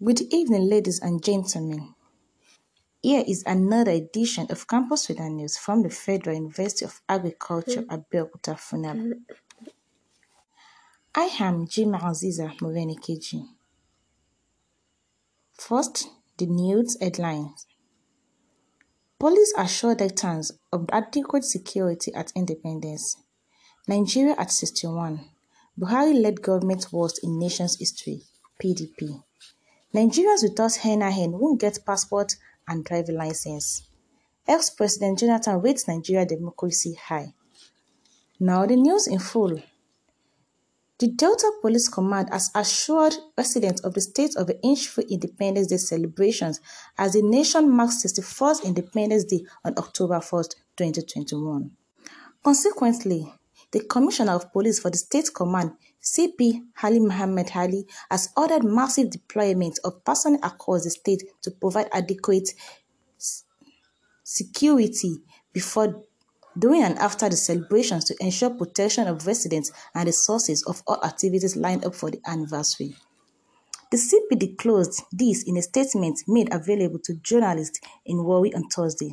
Good evening, ladies and gentlemen. Here is another edition of Campus Sudan News from the Federal University of Agriculture, hmm. Abeokuta, Funab. Hmm. I am Jim Aziza Movenikeji. First, the news headlines. Police assure dectans of adequate security at independence. Nigeria at 61. Buhari led government worst in nation's history. PDP. Nigerians without henna-hen won't get passport and driving license. Ex-President Jonathan rates Nigeria democracy high. Now the news in full. The Delta Police Command has assured residents of the state of the inch-free Independence Day celebrations as the nation marks 61st Independence Day on October 1st, 2021. Consequently, the Commissioner of Police for the State Command (CP) Halim Mohammed Hali, has ordered massive deployment of personnel across the state to provide adequate security before, during and after the celebrations to ensure protection of residents and the sources of all activities lined up for the anniversary. The CP disclosed this in a statement made available to journalists in Warri on Thursday.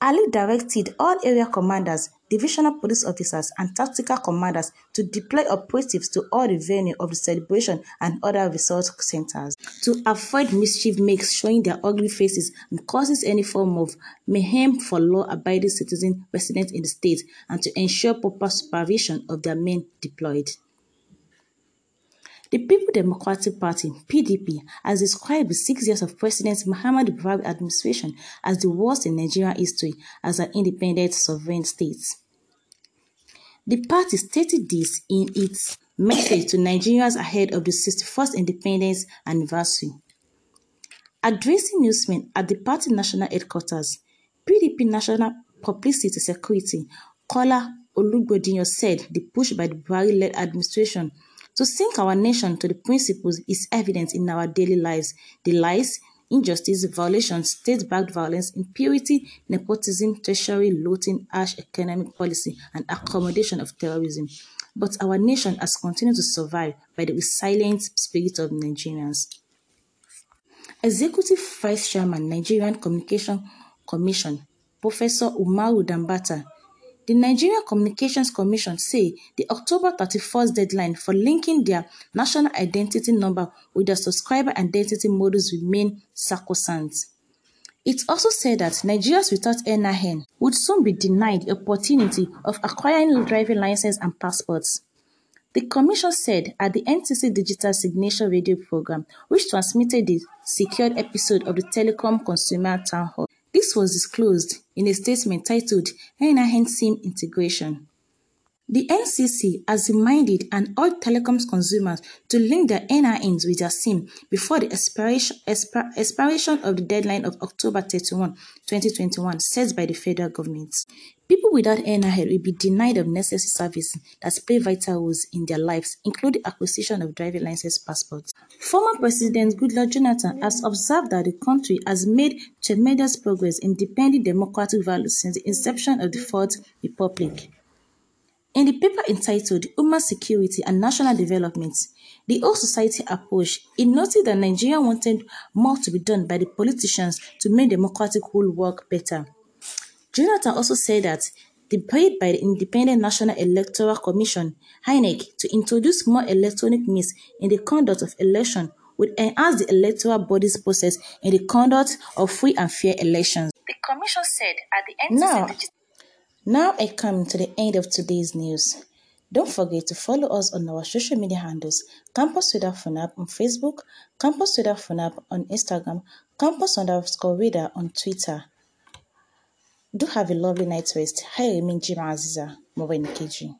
Ali directed all area commanders, divisional police officers and tactical commanders to deploy operatives to all the venues of the celebration and other resort centers to avoid mischief makes showing their ugly faces and causes any form of mayhem for law-abiding citizens resident in the state and to ensure proper supervision of their men deployed. The People Democratic Party (PDP) has described the six years of President Muhammadu Buhari administration as the worst in Nigerian history as an independent sovereign state. The party stated this in its message to Nigerians ahead of the 61st independence anniversary. Addressing newsmen at the party national headquarters, PDP National Publicity Secretary Kola Olugbodinyo said the push by the Buhari-led administration – to sink our nation to the principles is evident in our daily lives. The lies, injustice, violations, state-backed violence, impurity, nepotism, tertiary looting, harsh economic policy, and accommodation of terrorism. But our nation has continued to survive by the resilient spirit of Nigerians. Executive Vice Chairman Nigerian Communication Commission, Professor Umaru Dambata, the Nigerian Communications Commission say the October 31st deadline for linking their national identity number with the subscriber identity models remain sacrosanct. It also said that Nigerians without NIN would soon be denied the opportunity of acquiring driving licenses and passports. The Commission said at the NTC Digital Signature Radio program, which transmitted the secured episode of the Telecom Consumer Town Hall, this was disclosed in a statement titled NINC Integration. The NCC has reminded and urged telecoms consumers to link their NINs with their SIM before the expiration, expiration of the deadline of October 31, 2021 set by the federal government. People without NIN will be denied of necessary services that play vital roles in their lives, including acquisition of driving license passports. Former President Goodluck Jonathan has observed that the country has made tremendous progress in defending democratic values since the inception of the Fourth Republic. In the paper entitled Human Security and National Development, the Old Society Approach, it noted that Nigeria wanted more to be done by the politicians to make democratic rule work better. Jonathan also said that the bid by the Independent National Electoral Commission, INEC, to introduce more electronic means in the conduct of election would enhance the electoral body's process in the conduct of free and fair elections. The commission said at the end now, now I come to the end of today's news. Don't forget to follow us on our social media handles Campus Reader Funab on Facebook, Campus Reader Funab on Instagram, Campus underscore Reader on Twitter. Do have a lovely night's rest. Hi, Minji Aziza, Morenikeji.